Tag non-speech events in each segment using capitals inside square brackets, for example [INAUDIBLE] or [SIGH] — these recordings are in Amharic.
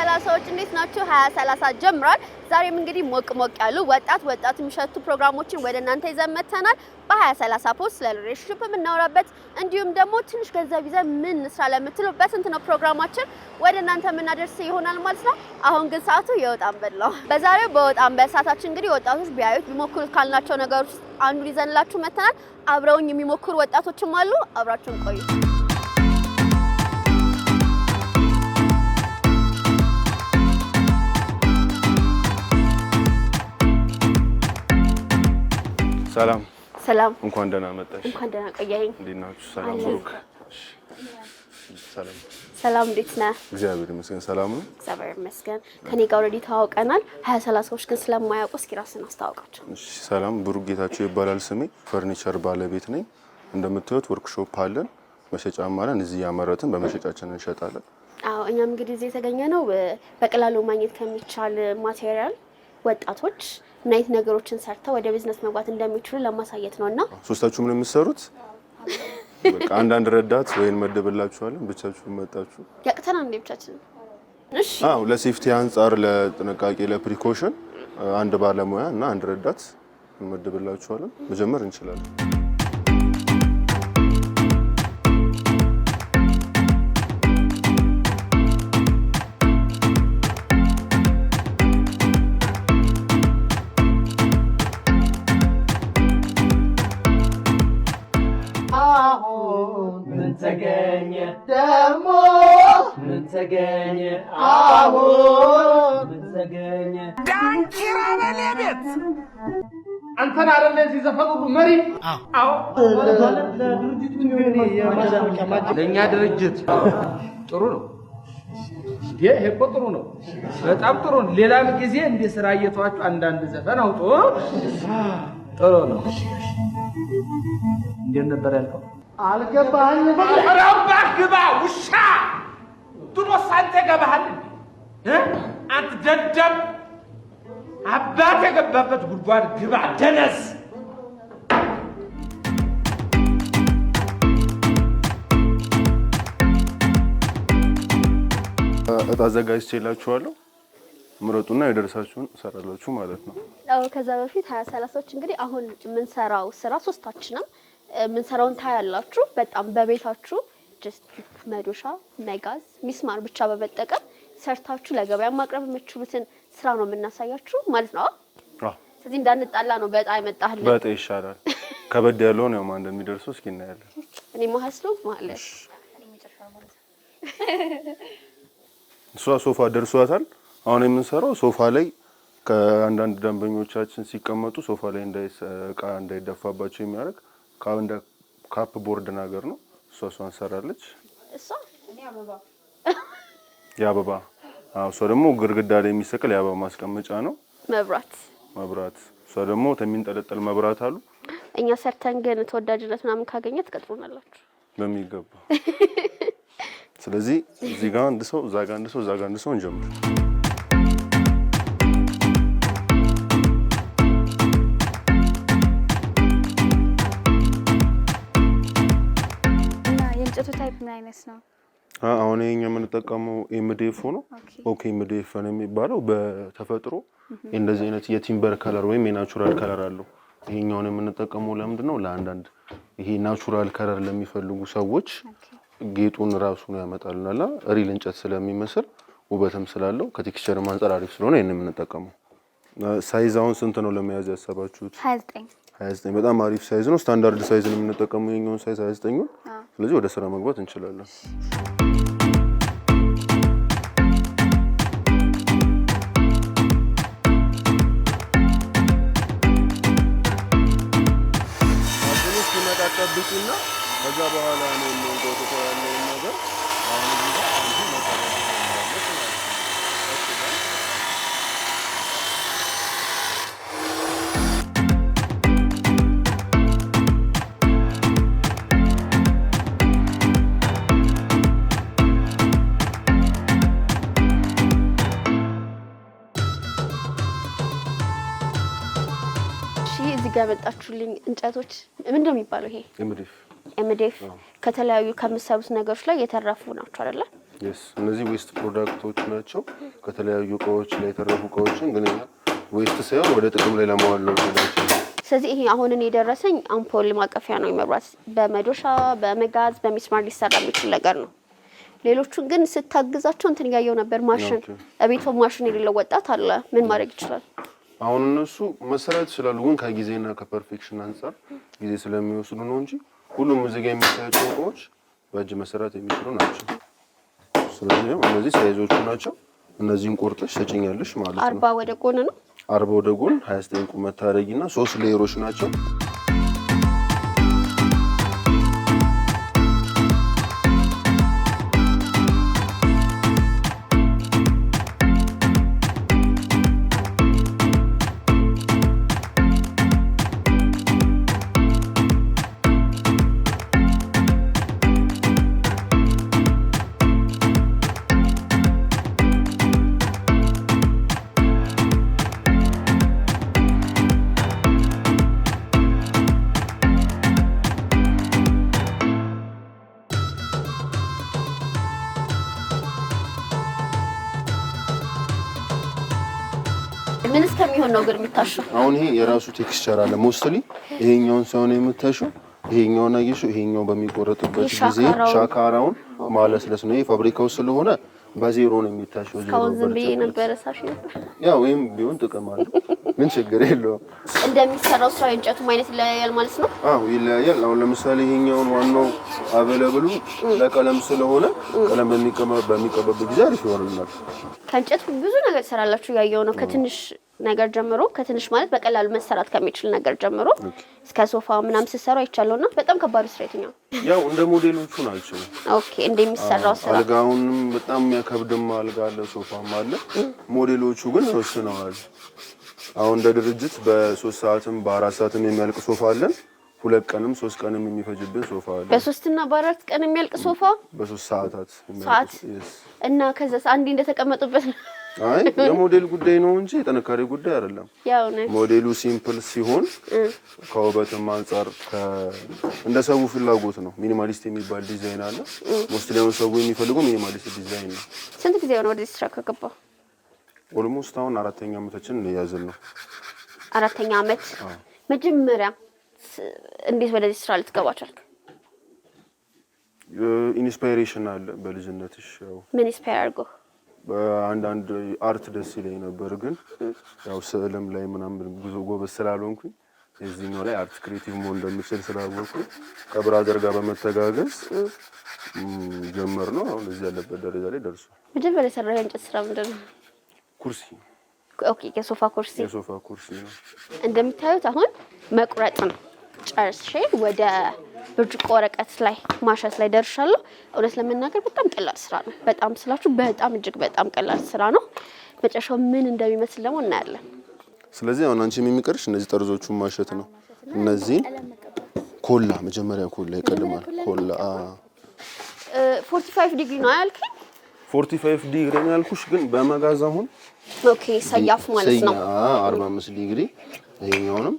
ሰላሳዎች እንዴት ናችሁ? ሀያ ሰላሳ ጀምሯል። ዛሬም እንግዲህ ሞቅ ሞቅ ያሉ ወጣት ወጣት የሚሸቱ ፕሮግራሞችን ወደ እናንተ ይዘን መጥተናል። በሀያ ሰላሳ ፖስት ስለ ሪሌሽንሽፕ የምናወራበት እንዲሁም ደግሞ ትንሽ ገንዘብ ይዘን ምን እንስራ ለምትሉ በስንት ነው ፕሮግራማችን ወደ እናንተ የምናደርስ ይሆናል ማለት ነው። አሁን ግን ሰዓቱ የወጣ አንበል ነው። በዛሬው በወጣ አንበል ሰዓታችን እንግዲህ ወጣቶች ቢያዩት ቢሞክሩት ካልናቸው ነገሮች አንዱ ይዘንላችሁ መጥተናል። አብረውኝ የሚሞክሩ ወጣቶችም አሉ። አብራችሁን ቆዩ። ሰላም ሰላም፣ እንኳን ደህና መጣሽ። እንኳን ደህና ቆያኝ። እንዴት ናችሁ? ሰላም ብሩክ። ሰላም ሰላም፣ እንዴት ነህ? እግዚአብሔር ይመስገን ሰላም ነው። እግዚአብሔር ይመስገን። ከኔ ጋር ኦልሬዲ ተዋውቀናል። ሀያ ሰላሳዎች ግን ስለማያውቁ እስኪ ራስን አስተዋውቃቸው። ሰላም ብሩክ ጌታቸው ይባላል ስሜ። ፈርኒቸር ባለቤት ነኝ። እንደምታዩት ወርክሾፕ አለን፣ መሸጫም አለን። እዚህ ያመረትን በመሸጫችን እንሸጣለን። አዎ፣ እኛም እንግዲህ እዚህ የተገኘ ነው በቀላሉ ማግኘት ከሚቻል ማቴሪያል ወጣቶች ምን አይነት ነገሮችን ሰርተው ወደ ቢዝነስ መግባት እንደሚችሉ ለማሳየት ነው። እና ሶስታችሁ ምን የምትሰሩት? አንዳንድ ረዳት ወይን መደብላችኋለን። ብቻችሁ መጣችሁ ያቅተና እንደ ብቻችን አዎ፣ ለሴፍቲ አንጻር ለጥንቃቄ ለፕሪኮሽን አንድ ባለሙያ እና አንድ ረዳት እንመድብላችኋለን። መጀመር እንችላለን። ተገኘ ደግሞ ምን ተገኘ አሁን ምን ተገኘ? ዳንኪራ በሌ ቤት አንተን አይደለ እዚህ ዘፈኑ መሪ? ለእኛ ድርጅት ጥሩ ነው። ይሄ እኮ ጥሩ ነው፣ በጣም ጥሩ ነው። ሌላም ጊዜ እንደ ስራ እየተዋችሁ አንዳንድ ዘፈን አውጡ። ጥሩ ነው። እንዴት ነበር ያልከው? አልገባህም። ረባህ ግባ ውሻ ድሮስ አንተ ገባሃል። አንተ ደደብ አባት የገባበት ጉድጓድ ግባ ደነስ። እጣ አዘጋጅቼላችኋለሁ። ምረጡና የደረሳችሁን እሰራላችሁ ማለት ነው። ከዛ በፊት ሀያ ሰላሳዎች እንግዲህ አሁን የምንሰራው ስራ ሶስታችንም የምንሰራውን ታያላችሁ። በጣም በቤታችሁ ጀስት መዶሻ፣ መጋዝ፣ ሚስማር ብቻ በመጠቀም ሰርታችሁ ለገበያ ማቅረብ የምችሉትን ስራ ነው የምናሳያችሁ ማለት ነው። ስለዚህ እንዳንጣላ ነው። በጣ ይመጣል። በጣም ይሻላል። ከበድ ያለውን ያው ማን እንደሚደርሱ እስኪ እናያለን። እኔ ማሐስሎ ማለት እሷ ሶፋ ደርሷታል። አሁን የምንሰራው ሶፋ ላይ ከአንዳንድ ደንበኞቻችን ሲቀመጡ ሶፋ ላይ እቃ እንዳይደፋባቸው የሚያደርግ እንደ ካፕ ቦርድ ነገር ነው። እሷ እሷ ሰራለች እሷ የአበባ እሷ ደግሞ ግድግዳ ላይ የሚሰቀል የአበባ ማስቀመጫ ነው። መብራት መብራት እሷ ደግሞ የሚንጠለጠል መብራት አሉ። እኛ ሰርተን ግን ተወዳጅነት ምናምን ካገኘ ትቀጥሩናላችሁ በሚገባ። ስለዚህ እዚህ ጋር አንድ ሰው፣ እዛ ጋር አንድ ሰው፣ እዛ ጋር አንድ ሰው እንጀምር። አይነት ነው? አሁን ይሄኛ የምንጠቀመው ኤምዴፎ ነው። ኦኬ ኤምዴፎ ነው የሚባለው። በተፈጥሮ እንደዚህ አይነት የቲምበር ከለር ወይም የናቹራል ከለር አለው። ይሄኛውን የምንጠቀመው ለምንድን ነው? ለአንዳንድ ይሄ ናቹራል ከለር ለሚፈልጉ ሰዎች ጌጡን ራሱ ነው ያመጣልናል። ሪል እንጨት ስለሚመስል ውበትም ስላለው ከቴክስቸር አንጻር አሪፍ ስለሆነ ይሄን የምንጠቀመው። አሁን ስንት ነው ለመያዝ ያሰባችሁት? 29 29 በጣም አሪፍ ሳይዝ ነው። ስታንዳርድ ሳይዝ ነው የምንጠቀመው የኛውን ሳይዝ 29 ነው። ስለዚህ ወደ ስራ መግባት እንችላለን። ሲመጣ ጠብቂና ከዛ በኋላ ነው ያመጣችሁልኝ እንጨቶች ምንድን ነው የሚባለው? ይሄ ኤምዴፍ ከተለያዩ ከምሰሩት ነገሮች ላይ የተረፉ ናቸው አይደለ? እነዚህ ዌስት ፕሮዳክቶች ናቸው። ከተለያዩ እቃዎች ላይ የተረፉ እቃዎችን ግን ዌስት ሳይሆን ወደ ጥቅም ላይ ለማዋል ነው። ስለዚህ ይሄ አሁን እኔ የደረሰኝ አምፖል ማቀፊያ ነው። የመብራት በመዶሻ በመጋዝ በሚስማር ሊሰራ የሚችል ነገር ነው። ሌሎቹን ግን ስታግዛቸው እንትን እያየው ነበር። ማሽን እቤቶ ማሽን የሌለው ወጣት አለ ምን ማድረግ ይችላል? አሁን እነሱ መሰራት ይችላሉ፣ ግን ከጊዜና ከፐርፌክሽን አንጻር ጊዜ ስለሚወስዱ ነው እንጂ ሁሉም እዚህ ጋር የሚታያቸው እቃዎች በእጅ መሰራት የሚችሉ ናቸው። ስለዚህ እነዚህ ሳይዞቹ ናቸው። እነዚህን ቆርጠሽ ተጭኛለሽ ማለት ነው። አርባ ወደ ጎን ነው፣ አርባ ወደ ጎን፣ ሀያ ዘጠኝ ቁመት ታደርጊና ሶስት ሌየሮች ናቸው። የምታሹ። አሁን ይሄ የራሱ ቴክስቸር አለ። ሞስትሊ ይሄኛውን ሳይሆን የምታሹ ይሄኛውን አየሹ። ይሄኛው በሚቆረጥበት ጊዜ ሻካራውን ማለስለስ ነው። ይሄ ፋብሪካው ስለሆነ በዜሮ ነው የሚታሸው። ያው ወይም ቢሆን ጥቅም አለ፣ ግን ችግር የለውም። እንደሚሰራው ስራ የእንጨቱም አይነት ይለያያል ማለት ነው። አዎ ይለያያል። አሁን ለምሳሌ ይሄኛውን ዋናው አበለብሉ ለቀለም ስለሆነ ቀለም በሚቀባ በሚቀባበት ጊዜ አሪፍ ይሆንልናል። ከእንጨት ብዙ ነገር ትሰራላችሁ፣ ያየው ነው ከትንሽ ነገር ጀምሮ ከትንሽ ማለት በቀላሉ መሰራት ከሚችል ነገር ጀምሮ እስከ ሶፋ ምናምን ስሰራው አይቻለሁ። እና በጣም ከባዱ ስራ የትኛው? ያው እንደ ሞዴሎቹ ናቸው። ኦኬ፣ እንደሚሰራው ስራ አልጋውንም በጣም የሚያከብድም አልጋ አለ፣ ሶፋም አለ። ሞዴሎቹ ግን ወስነዋል። አሁን እንደ ድርጅት በሶስት ሰዓትም በአራት ሰዓትም የሚያልቅ ሶፋ አለን። ሁለት ቀንም ሶስት ቀንም የሚፈጅብን ሶፋ አለ። በሶስትና በአራት ቀን የሚያልቅ ሶፋ በሶስት ሰዓታት ሰዓት እና ከዛ አንዴ እንደተቀመጡበት ነው አይ [LAUGHS] የሞዴል ጉዳይ ነው እንጂ የጥንካሬ ጉዳይ አይደለም። ሞዴሉ ሲምፕል ሲሆን ከውበትም አንጻር እንደ ሰው ፍላጎት ነው። ሚኒማሊስት የሚባል ዲዛይን አለ። ሞስት ላይሆን ሰው የሚፈልገው ሚኒማሊስት ዲዛይን ነው። ስንት ጊዜ ሆነ ወደዚህ ስራ ከገባ? ኦልሞስት አሁን አራተኛ አመታችን እያዝን ነው። አራተኛ አመት። መጀመሪያ እንዴት ወደዚህ ስራ ልትገባቻል? ኢንስፓይሬሽን አለ በልጅነትሽ? ምን ኢንስፓየር አድርጎ አንዳንድ አርት ደስ ይለኝ ነበር፣ ግን ያው ስዕልም ላይ ምናምን ብዙ ጎበዝ ስላልሆንኩኝ የዚህኛው ላይ አርት ክሬቲቭ መሆን እንደምችል ስላወቅኩ ከብራዘር ጋር በመተጋገዝ ጀመር ነው። አሁን እዚህ ያለበት ደረጃ ላይ ደርሷል። መጀመሪያ የሰራ የእንጨት ስራ ምንድን ነው? ኩርሲ። ኦኬ፣ የሶፋ ኩርሲ። የሶፋ ኩርሲ ነው እንደምታዩት። አሁን መቁረጥ ነው ጨርሼ ወደ ብርጭቆ ወረቀት ላይ ማሸት ላይ ደርሻለሁ። እውነት ለመናገር በጣም ቀላል ስራ ነው። በጣም ስላችሁ በጣም እጅግ በጣም ቀላል ስራ ነው። መጨረሻው ምን እንደሚመስል ደግሞ እናያለን። ስለዚህ አሁን አንቺ የሚቀርሽ እነዚህ ጠርዞቹን ማሸት ነው። እነዚህን ኮላ መጀመሪያ ኮላ ይቀድማል። ኮላ ፎርቲ ፋይቭ ዲግሪ ነው ያልከኝ? ፎርቲ ፋይቭ ዲግሪ ነው ያልኩሽ፣ ግን በመጋዝ አሁን ኦኬ፣ ሰያፍ ማለት ነው። አርባ አምስት ዲግሪ ይሄኛውንም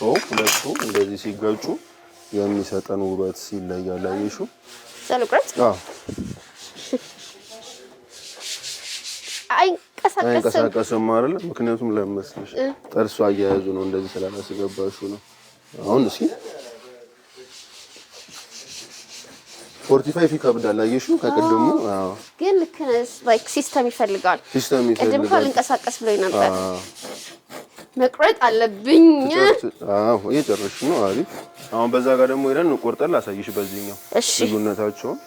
ሁለቱ እንደዚህ ሲገጩ የሚሰጠን ውበት ይለያል። አየሽው? አይንቀሳቀስም አይደል? ምክንያቱም ለመስልሽ ጥርሱ አያያዙ ነው። እንደዚህ ስላላስገባሹ ነው። አሁን እስኪ ፎርቲ ፋይቭ ይከብዳል። አየሽው? ከቅድሙ ግን ልክ ነህ። ሲስተም ይፈልጋል። ሲስተም ይፈልጋል። ቅድም እንቀሳቀስ ብሎኝ ነበር። መቁረጥ አለብኝ። አዎ እየጨረስሽ ነው። አሪፍ። አሁን በዛ ጋር ደግሞ ሄደን ቆርጠን ላሳይሽ። በዚህኛው እሺ፣ ልዩነታቸውን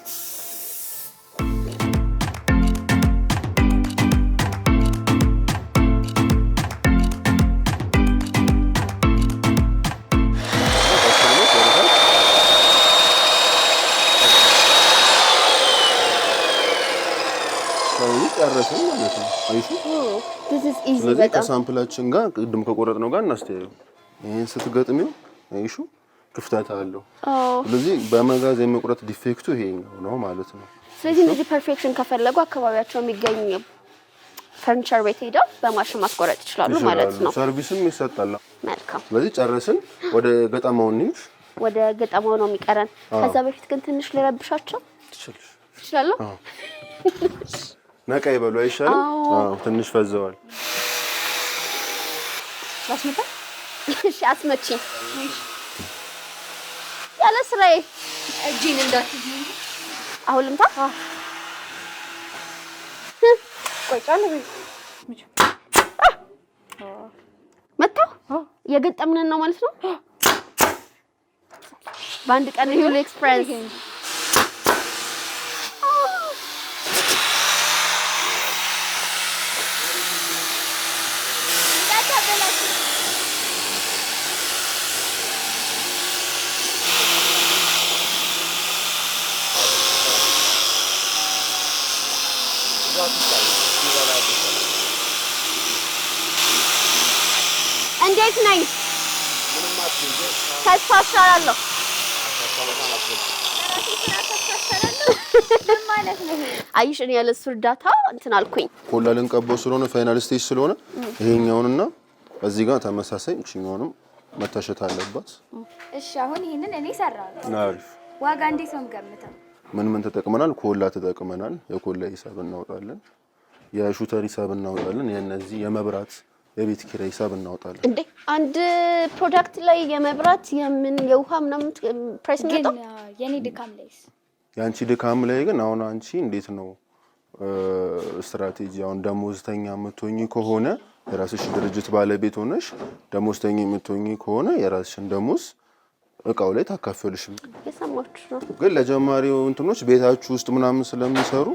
ስለዚህ ከሳምፕላችን ጋር ቅድም ከቆረጥነው ጋር እናስተያየው። ይህን ስትገጥሚው ይሹ ክፍተት አለው። ስለዚህ በመጋዝ የመቁረጥ ዲፌክቱ ይሄኛው ነው ማለት ነው። ስለዚህ እንደዚህ ፐርፌክሽን ከፈለጉ አካባቢያቸው የሚገኝ ፈርኒቸር ቤት ሄደው በማሽን ማስቆረጥ ይችላሉ ማለት ነው። ሰርቪስም ይሰጣል። መልካም። ስለዚህ ጨረስን። ወደ ገጠማው እንሂድ። ወደ ገጠማው ነው የሚቀረን። ከዛ በፊት ግን ትንሽ ልረብሻቸው ትችላለሁ። [LAUGHS] ነቃ ይበሉ አይሻልም? ትንሽ ፈዘዋል። አስመጣ እሺ፣ አስመጪ ያለ ስራዬ እጄን እንዳትይኝ። አሁን ልምጣ። መጣሁ። ነው ማለት ነው። በአንድ ቀን ይሁሉ ኤክስፕሬስ እንዴት ነኝ? ተስፋ አሻራለሁ። አይሽ እኔ ያለ እሱ እርዳታ እንትን አልኩኝ። ኮላ ልንቀበው ስለሆነ ፋይናል ስቴጅ ስለሆነ ይሄኛውንና እዚህ ጋር ተመሳሳይ እቺኛውንም መታሸት አለባት። እሺ አሁን ይሄንን እኔ ሰራለሁ። አሪፍ ዋጋ እንዴት ነው የምገምተው? ምን ምን ተጠቅመናል? ኮላ ተጠቅመናል። የኮላ ሂሳብ እናወጣለን። የሹተር ሂሳብ እናወጣለን። የነዚህ የመብራት የቤት ኪራይ ሂሳብ እናወጣለን። እንዴ አንድ ፕሮዳክት ላይ የመብራት የምን የውሃ ምናምን ፕራይስ ነው። የኔ ድካም ላይ የአንቺ ድካም ላይ ግን አሁን አንቺ እንዴት ነው ስትራቴጂ? አሁን ደሞዝተኛ የምትሆኚ ከሆነ የራስሽ ድርጅት ባለቤት ሆነሽ ደሞዝተኛ የምትሆኚ ከሆነ የራስሽን ደሞዝ እቃው ላይ ታካፈልሽም። የሰማችሁ ነው። ግን ለጀማሪው እንትኖች ቤታችሁ ውስጥ ምናምን ስለሚሰሩ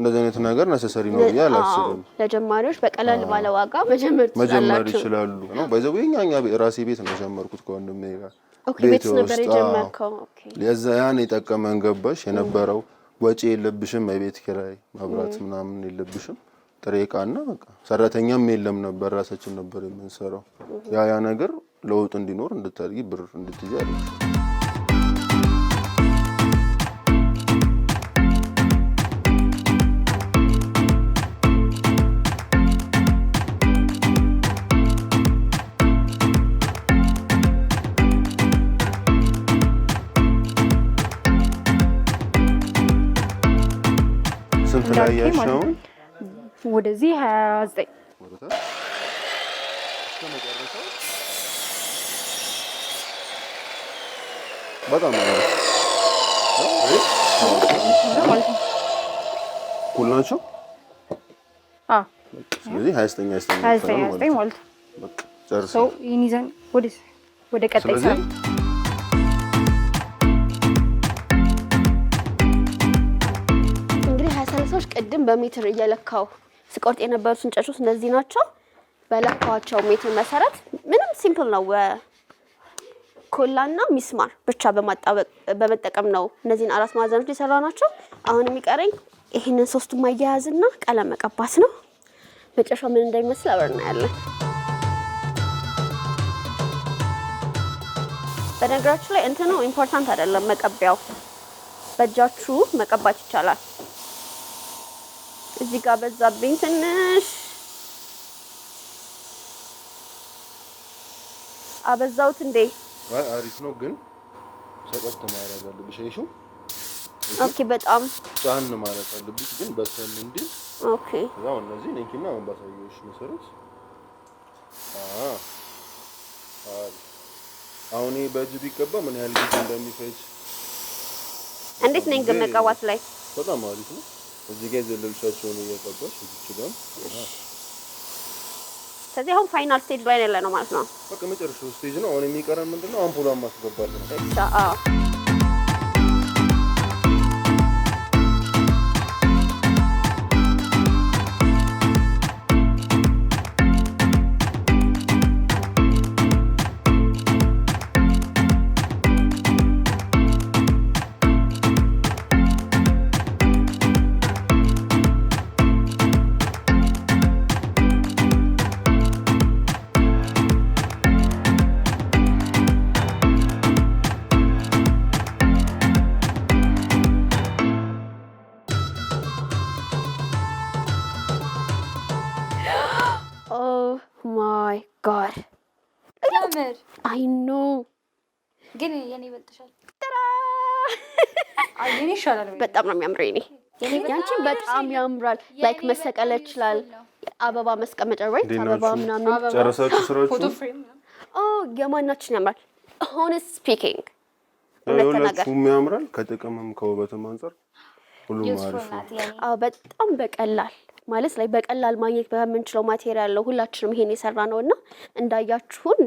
እንደዚህ አይነት ነገር ነሰሰሪ ነው ብዬ አላስብም። ለጀማሪዎች በቀላል ባለ ዋጋ መጀመር መጀመር ይችላሉ ነው ባይዘው የኛኛ ራሴ ቤት ነው ጀመርኩት ከወንድሜ ጋር ቤት ነበር ለዛ ያን የጠቀመን ገባሽ የነበረው ወጪ የለብሽም፣ የቤት ኪራይ መብራት ምናምን የለብሽም። ጥሬ ዕቃና በቃ ሰራተኛም የለም ነበር፣ ራሳችን ነበር የምንሰራው። ያ ያ ነገር ለውጥ እንዲኖር እንድታድጊ ብር እንድትይዝ እንዳልኩኝ ወደዚህ ሀያ ዘጠኝ በጣም እኩል ናቸው። ስለዚህ ሀያ ዘጠኝ ሀያ ዘጠኝ ማለት ነው። ይህን ይዘን ወደ ቀጣይ ቅድም በሜትር እየለካው ስቆርጥ የነበሩት እንጨቶች እነዚህ ናቸው። በለካቸው ሜትር መሰረት ምንም ሲምፕል ነው። ኮላና ሚስማር ብቻ በማጣበቅ በመጠቀም ነው እነዚህን አራት ማዕዘኖች የሰራ ናቸው። አሁን የሚቀረኝ ይህንን ሶስቱ ማያያዝና ቀለም መቀባት ነው። መጨረሻው ምን እንደሚመስል አብረን እናያለን። በነገራችሁ ላይ እንትኑ ኢምፖርታንት አይደለም፣ መቀቢያው በእጃችሁ መቀባት ይቻላል። እዚህ ጋር በዛብኝ ትንሽ አበዛውት እንዴ? አሪፍ ነው ግን ሰጠት ማድረግ አለብሽ። አይሹ ኦኬ፣ በጣም ጫን ማለት አለብሽ ግን በሰል እንዴ። ኦኬ፣ ያው እነዚህ ለኪና አሁን ባሳየሽ መሰረት አሁን በእጅ ቢቀባ ምን ያህል ጊዜ እንደሚፈጅ እንዴት ነኝ ግን መቀባት ላይ በጣም አሪፍ ነው። እዚህ ጋር ልብሳቸውን እያቀባሽ ይችላል። ከዚህ አሁን ፋይናል ስቴጅ ላይ ያለ ነው ማለት ነው። በቃ መጨረሻው ስቴጅ ነው። አሁን የሚቀረን ምንድነው? ማስገባት ነው። አይ ኖ ግን የኔ ይበልጥሻል። በጣም ነው የሚያምረው። የኔ ያንቺ በጣም ያምራል። ላይክ መሰቀለ ይችላል። አበባ መስቀመጫ ወይ አበባ ምናምን ጨረሳችሁ ስራችሁ። የማናችን ያምራል? ሆነስ ስፒኪንግ ሁላችሁም ያምራል። ከጥቅምም ከውበትም አንጻር በጣም በቀላል ማለት ላይ በቀላል ማግኘት በምንችለው ማቴሪያል ነው ሁላችንም ይሄን የሰራ ነው እና እንዳያችሁን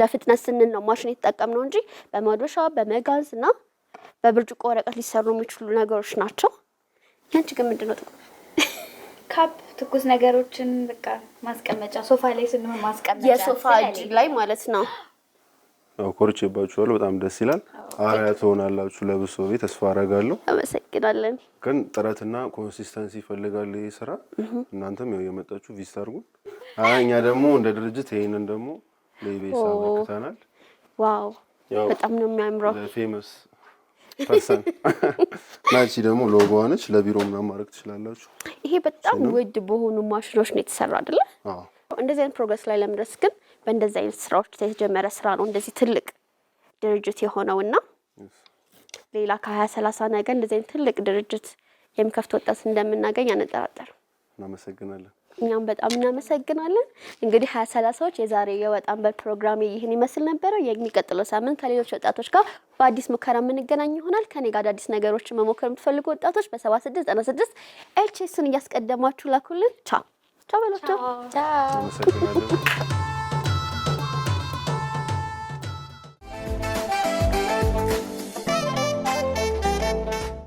ለፍጥነት ስንል ነው ማሽን የተጠቀም ነው እንጂ በመዶሻ በመጋዝ እና በብርጭቆ ወረቀት ሊሰሩ የሚችሉ ነገሮች ናቸው። ያንቺ ግን ምንድን ነው ጥቅም? ካፕ ትኩስ ነገሮችን በቃ ማስቀመጫ ሶፋ ላይ ስንሆን ማስቀመጫ የሶፋ እጅ ላይ ማለት ነው። ኮርቼባችኋለሁ። በጣም ደስ ይላል። አርያ ትሆናላችሁ ለብሶ ሰው ቤት ተስፋ አረጋለሁ። አመሰግናለን። ግን ጥረትና ኮንሲስተንሲ ይፈልጋል ይህ ስራ። እናንተም ያው የመጣችሁ ቪዚት አድርጉን። እኛ ደግሞ እንደ ድርጅት ይህንን ደግሞ ለኢቢኤስ አመልክተናል። ዋው በጣም ነው የሚያምረው። ፌመስ ፐርሰን [LAUGHS] ናቺ ደግሞ ሎጎ ነች። ለቢሮ ምናምን ማድረግ ትችላላችሁ። ይሄ በጣም ውድ በሆኑ ማሽኖች ነው የተሰራ አይደለ? እንደዚህ አይነት ፕሮግረስ ላይ ለመድረስ ግን በእንደዚ አይነት ስራዎች የተጀመረ ስራ ነው እንደዚህ ትልቅ ድርጅት የሆነውና ሌላ ከሀያ ሰላሳ ነገር እንደዚህ አይነት ትልቅ ድርጅት የሚከፍት ወጣት እንደምናገኝ አነጠራጠርም። እናመሰግናለን። እኛም በጣም እናመሰግናለን። እንግዲህ ሀያ ሰላሳዎች የዛሬ የወጣን በር ፕሮግራም ይህን ይመስል ነበረ። የሚቀጥለው ሳምንት ከሌሎች ወጣቶች ጋር በአዲስ ሙከራ የምንገናኝ ይሆናል። ከኔ ጋር አዳዲስ ነገሮችን መሞከር የምትፈልጉ ወጣቶች በሰባ ስድስት ዘጠና ስድስት ኤችኤስን እያስቀደማችሁ ላኩልን። ቻ ቻው በሏቸው።